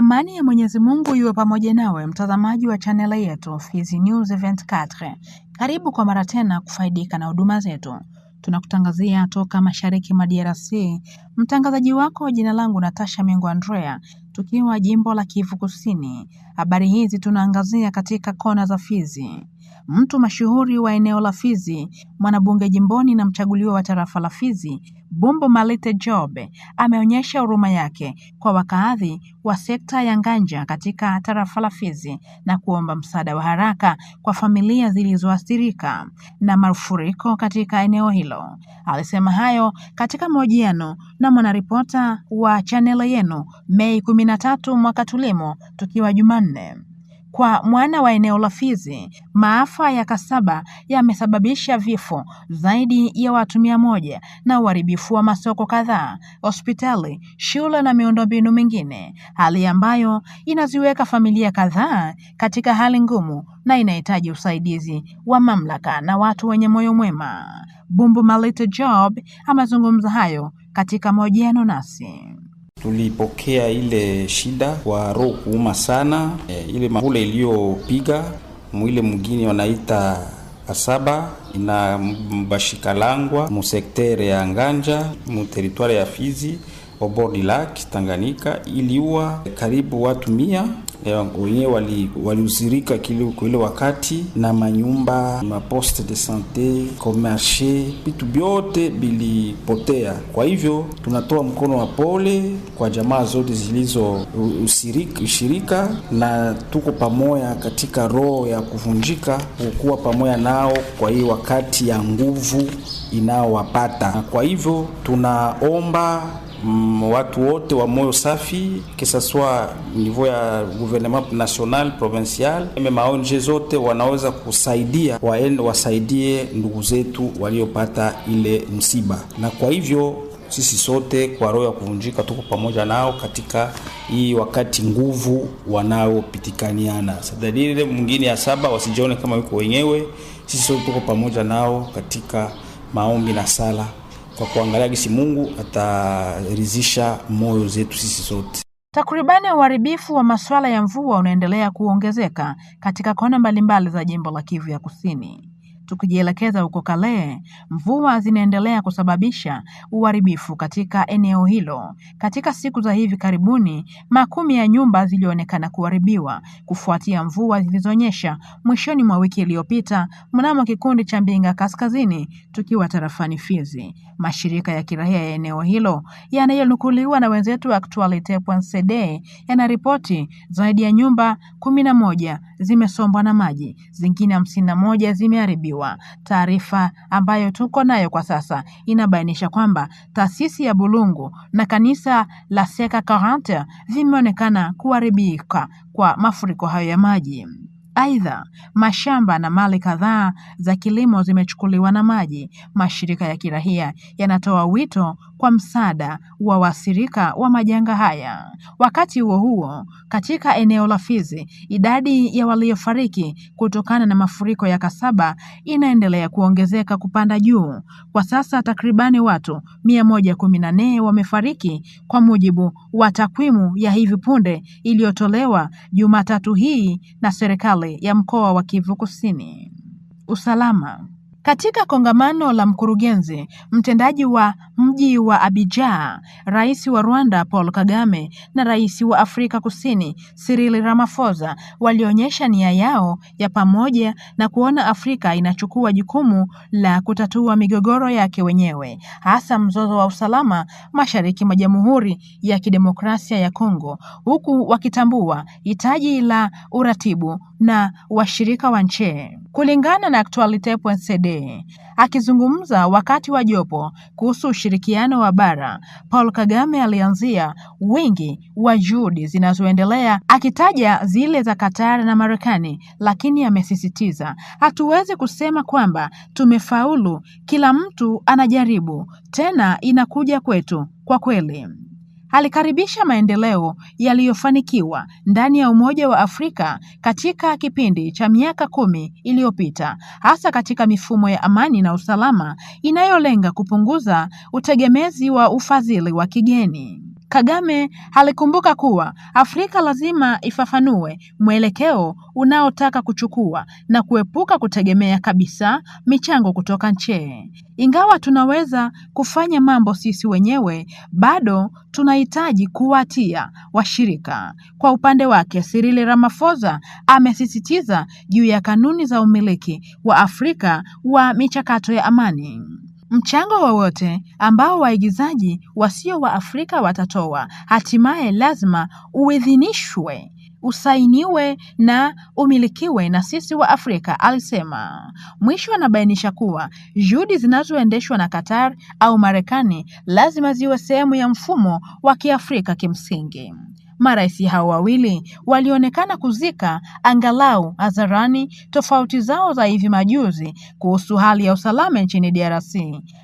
Amani ya Mwenyezi Mungu iwe pamoja nawe mtazamaji wa chaneli yetu Fizi News 24. Karibu kwa mara tena kufaidika na huduma zetu. Tunakutangazia toka mashariki mwa DRC. Mtangazaji wako jina langu Natasha Mengo Andrea, tukiwa jimbo la Kivu Kusini. Habari hizi tunaangazia katika kona za Fizi. Mtu mashuhuri wa eneo la Fizi, mwanabunge jimboni na mchaguliwa wa tarafa la Fizi Bumbu Malite Job ameonyesha huruma yake kwa wakaadhi wa sekta ya Nganja katika tarafa la Fizi na kuomba msaada wa haraka kwa familia zilizoathirika na mafuriko katika eneo hilo. Alisema hayo katika mahojiano na mwanaripota wa chaneli yenu Mei 13 mwaka tulimo tukiwa Jumanne. Kwa mwana wa eneo la Fizi, maafa ya Kasaba yamesababisha vifo zaidi ya watu mia moja na uharibifu wa masoko kadhaa, hospitali, shule na miundombinu mingine, hali ambayo inaziweka familia kadhaa katika hali ngumu na inahitaji usaidizi wa mamlaka na watu wenye moyo mwema. Bumbu Malita Job amezungumza hayo katika mahojiano nasi. Tulipokea ile shida kwa roho kuuma sana e, ile mahule iliyopiga mwile mwingine wanaita asaba ina Mbashikalangwa musektere ya Nganja muteritwari ya Fizi lak Tanganyika iliua karibu watu mia Eh, wenyewe waliusirika wali kwa ile wakati na manyumba maposte de sante komarshe vitu vyote bilipotea. Kwa hivyo tunatoa mkono wa pole kwa jamaa zote zilizoushirika na tuko pamoja katika roho ya kuvunjika, kukuwa pamoja nao kwa hii wakati ya nguvu inayowapata, na kwa hivyo tunaomba watu wote wa moyo safi kisaswa ce niveau ya gouvernement national provincial, meme maonje zote wanaweza kusaidia waende wasaidie ndugu zetu waliopata ile msiba, na kwa hivyo sisi sote kwa roho ya kuvunjika tuko pamoja nao katika hii wakati nguvu wanaopitikaniana. Dalili mwingine ya saba, wasijione kama wiko wenyewe. Sisi sote tuko pamoja nao katika maombi na sala kwa kuangalia gisi Mungu atarizisha moyo zetu sisi sote. Takribani uharibifu wa masuala ya mvua unaendelea kuongezeka katika kona mbalimbali za jimbo la Kivu ya Kusini. Tukijielekeza huko Kale, mvua zinaendelea kusababisha uharibifu katika eneo hilo. Katika siku za hivi karibuni, makumi ya nyumba zilionekana kuharibiwa kufuatia mvua zilizonyesha mwishoni mwa wiki iliyopita mnamo kikundi cha Mbinga Kaskazini, tukiwa tarafani Fizi. Mashirika ya kiraia ya eneo hilo yanayonukuliwa na wenzetu wa Actualite.cd yanaripoti zaidi ya nyumba kumi na moja zimesombwa na maji, zingine hamsini na moja zimeharibiwa kufunguliwa. Taarifa ambayo tuko nayo kwa sasa inabainisha kwamba taasisi ya Bulungu na kanisa la Seka 40 vimeonekana kuharibika kwa mafuriko hayo ya maji. Aidha, mashamba na mali kadhaa za kilimo zimechukuliwa na maji. Mashirika ya kirahia yanatoa wito kwa msaada wa wasirika wa majanga haya. Wakati huo huo, katika eneo la Fizi, idadi ya waliofariki kutokana na mafuriko ya Kasaba inaendelea kuongezeka kupanda juu. Kwa sasa takribani watu mia moja kumi na wamefariki kwa mujibu wa takwimu ya hivi punde iliyotolewa Jumatatu hii na serikali serikali ya mkoa wa Kivu Kusini. Usalama katika kongamano la mkurugenzi mtendaji wa mji wa Abidjan, Rais wa Rwanda Paul Kagame na Rais wa Afrika Kusini Cyril Ramaphosa walionyesha nia yao ya pamoja na kuona Afrika inachukua jukumu la kutatua migogoro yake wenyewe, hasa mzozo wa usalama mashariki mwa Jamhuri ya Kidemokrasia ya Kongo, huku wakitambua hitaji la uratibu na washirika wa nchi kulingana na CD. Akizungumza wakati wa jopo kuhusu ushirikiano wa bara, Paul Kagame alianzia wingi wa juhudi zinazoendelea akitaja zile za Qatar na Marekani, lakini amesisitiza hatuwezi kusema kwamba tumefaulu. Kila mtu anajaribu, tena inakuja kwetu kwa kweli alikaribisha maendeleo yaliyofanikiwa ndani ya Umoja wa Afrika katika kipindi cha miaka kumi iliyopita, hasa katika mifumo ya amani na usalama inayolenga kupunguza utegemezi wa ufadhili wa kigeni. Kagame alikumbuka kuwa Afrika lazima ifafanue mwelekeo unaotaka kuchukua na kuepuka kutegemea kabisa michango kutoka nje. Ingawa tunaweza kufanya mambo sisi wenyewe, bado tunahitaji kuwatia washirika. Kwa upande wake, Cyril Ramaphosa amesisitiza juu ya kanuni za umiliki wa Afrika wa michakato ya amani. Mchango wowote ambao waigizaji wasio wa Afrika watatoa hatimaye lazima uidhinishwe usainiwe na umilikiwe na sisi wa Afrika, alisema. Mwisho anabainisha kuwa juhudi zinazoendeshwa na Qatar au Marekani lazima ziwe sehemu ya mfumo wa Kiafrika kimsingi. Marais hao wawili walionekana kuzika angalau hadharani tofauti zao za hivi majuzi kuhusu hali ya usalama nchini DRC.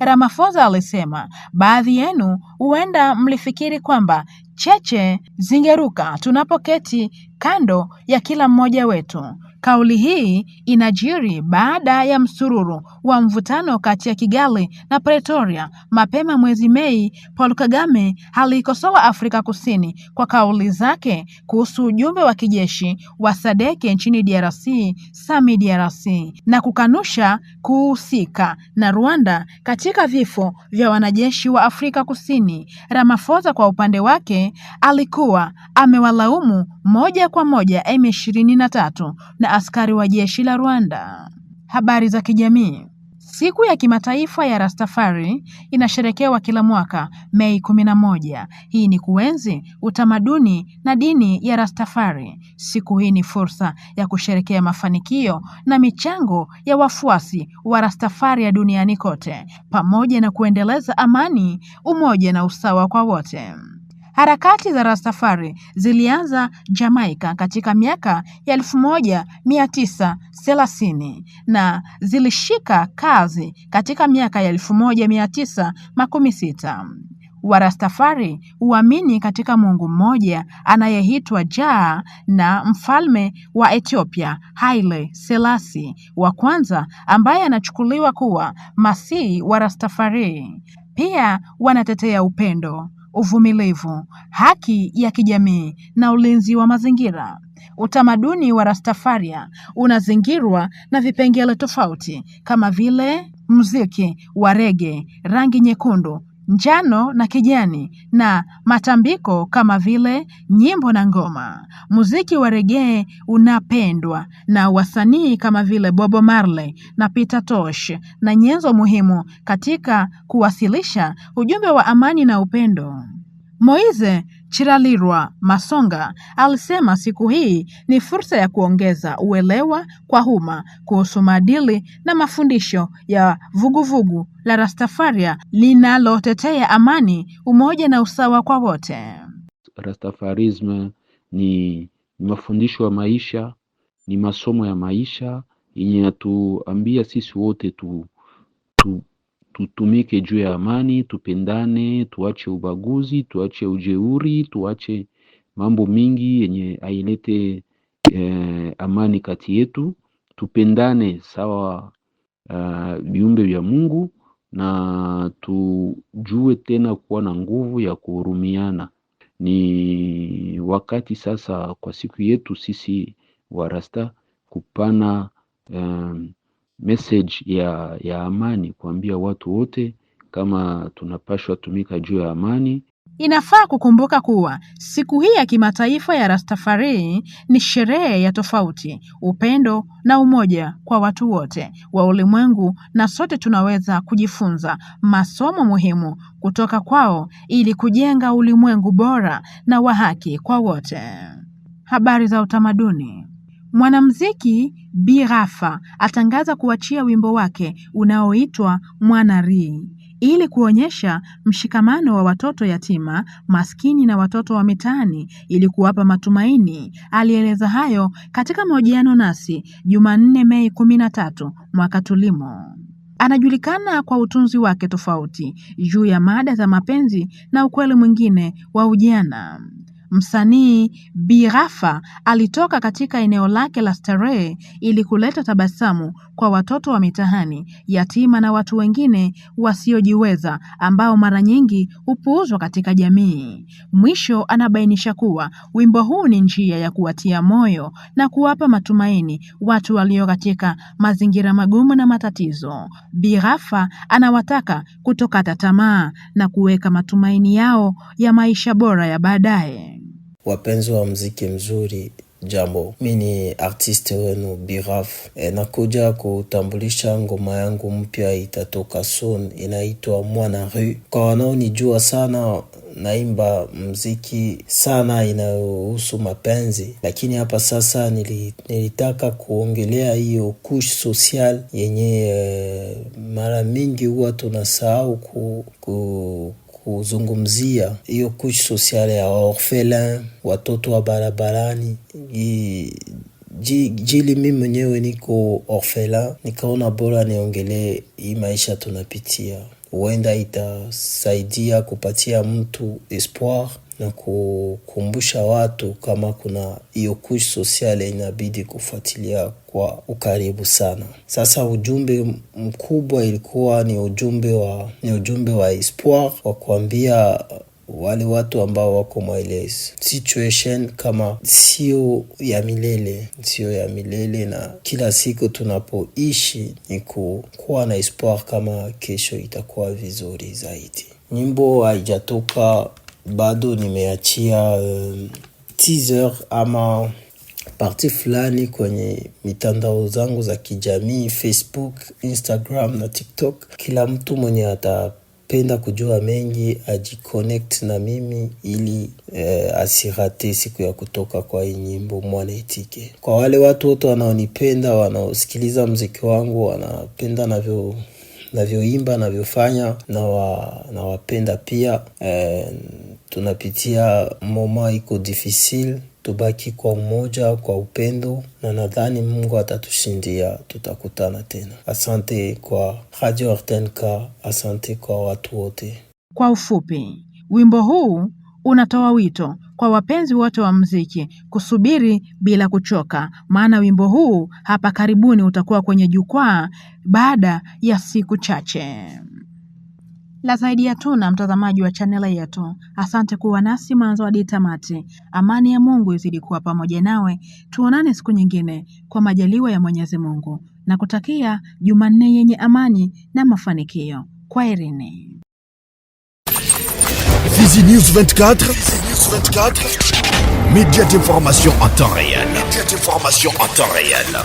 Ramaphosa alisema, baadhi yenu huenda mlifikiri kwamba cheche zingeruka tunapoketi kando ya kila mmoja wetu. Kauli hii inajiri baada ya msururu wa mvutano kati ya Kigali na Pretoria. Mapema mwezi Mei, Paul Kagame aliikosoa Afrika Kusini kwa kauli zake kuhusu ujumbe wa kijeshi wa SADC nchini DRC, SAMI DRC, na kukanusha kuhusika na Rwanda katika vifo vya wanajeshi wa Afrika Kusini. Ramaphosa kwa upande wake alikuwa amewalaumu moja kwa moja M23 na askari wa jeshi la Rwanda. Habari za kijamii. Siku ya kimataifa ya Rastafari inasherekewa kila mwaka Mei 11. Hii ni kuenzi utamaduni na dini ya Rastafari. Siku hii ni fursa ya kusherekea mafanikio na michango ya wafuasi wa Rastafari ya duniani kote, pamoja na kuendeleza amani, umoja na usawa kwa wote. Harakati za Rastafari zilianza Jamaika katika miaka ya 1930 na zilishika kazi katika miaka ya sita Warastafari huamini katika Mungu mmoja anayeitwa Jah na mfalme wa Ethiopia Haile Selassie wa kwanza ambaye anachukuliwa kuwa Masihi wa Rastafari. Pia wanatetea upendo, uvumilivu, haki ya kijamii na ulinzi wa mazingira. Utamaduni wa Rastafaria unazingirwa na vipengele tofauti kama vile muziki wa rege, rangi nyekundu, njano na kijani na matambiko kama vile nyimbo na ngoma. Muziki wa reggae unapendwa na wasanii kama vile Bob Marley na Peter Tosh na nyenzo muhimu katika kuwasilisha ujumbe wa amani na upendo. Moise Chiralirwa Masonga alisema siku hii ni fursa ya kuongeza uelewa kwa umma kuhusu maadili na mafundisho ya vuguvugu vugu la Rastafaria linalotetea amani, umoja na usawa kwa wote. Rastafarism ni, mafundisho ya maisha, ni masomo ya maisha yenye yatuambia sisi wote tu, tu tutumike juu ya amani, tupendane, tuache ubaguzi, tuache ujeuri, tuache mambo mingi yenye ailete eh, amani kati yetu. Tupendane sawa ah, viumbe uh, vya Mungu na tujue tena kuwa na nguvu ya kuhurumiana. Ni wakati sasa kwa siku yetu sisi warasta kupana um, message ya, ya amani kuambia watu wote kama tunapashwa tumika juu ya amani. Inafaa kukumbuka kuwa siku hii ya kimataifa ya Rastafari ni sherehe ya tofauti, upendo na umoja kwa watu wote wa ulimwengu, na sote tunaweza kujifunza masomo muhimu kutoka kwao ili kujenga ulimwengu bora na wa haki kwa wote. Habari za utamaduni. Mwanamuziki Bi rafa atangaza kuachia wimbo wake unaoitwa Mwana ili kuonyesha mshikamano wa watoto yatima, maskini na watoto wa mitaani ili kuwapa matumaini. Alieleza hayo katika mahojiano nasi Jumanne, Mei 13 tatu mwaka tulimo. Anajulikana kwa utunzi wake tofauti juu ya mada za mapenzi na ukweli mwingine wa ujana. Msanii birafa alitoka katika eneo lake la starehe ili kuleta tabasamu kwa watoto wa mitahani yatima na watu wengine wasiojiweza ambao mara nyingi hupuuzwa katika jamii. Mwisho anabainisha kuwa wimbo huu ni njia ya kuwatia moyo na kuwapa matumaini watu walio katika mazingira magumu na matatizo. birafa anawataka kutokata tamaa na kuweka matumaini yao ya maisha bora ya baadaye. Wapenzi wa mziki mzuri, jambo. Mi ni artiste wenu Biraf. E, nakuja kutambulisha ngoma yangu mpya, itatoka son inaitwa Mwana ru Kwa wanaonijua sana naimba mziki sana inayohusu mapenzi, lakini hapa sasa nilitaka kuongelea hiyo kush social yenye e, mara mingi huwa tunasahau ku, ku kuzungumzia hiyo kuchi sosiale ya waorfelin, watoto wa barabarani jili mi mwenyewe niko orfela, nikaona bora niongelee hii maisha tunapitia, huenda itasaidia kupatia mtu espoir na kukumbusha watu kama kuna hiyo kush sosiale inabidi kufuatilia kwa ukaribu sana. Sasa ujumbe mkubwa ilikuwa ni ujumbe wa ni ujumbe wa espoir wa kuambia wale watu ambao wako mwaile situation kama sio ya milele, sio ya milele, na kila siku tunapoishi ni kuwa na espoir kama kesho itakuwa vizuri zaidi. Nyimbo haijatoka bado nimeachia uh, teaser ama parti fulani kwenye mitandao zangu za kijamii Facebook, Instagram na TikTok. Kila mtu mwenye atapenda kujua mengi ajiconnect na mimi ili eh, asirate siku ya kutoka kwa hii nyimbo Mwanaitike. Kwa wale watu wote wanaonipenda, wanaosikiliza mziki wangu, wanapenda navyo navyoimba navyofanya, nawapenda pia eh, tunapitia moma iko difisil tubaki kwa umoja, kwa upendo, na nadhani Mungu atatushindia, tutakutana tena. Asante kwa Radio RTNK, asante kwa watu wote. Kwa ufupi, wimbo huu unatoa wito kwa wapenzi wote wa mziki kusubiri bila kuchoka, maana wimbo huu hapa karibuni utakuwa kwenye jukwaa baada ya siku chache. La zaidi ya tu na mtazamaji wa channel yetu, asante kuwa nasi mwanzo hadi tamati. Amani ya Mungu izidi kuwa pamoja nawe. Tuonane siku nyingine kwa majaliwa ya Mwenyezi Mungu, na kutakia Jumanne yenye amani na mafanikio. Kwaherini. Fizi News 24, Fizi News 24, média d'information en temps réel, media d'information en temps réel.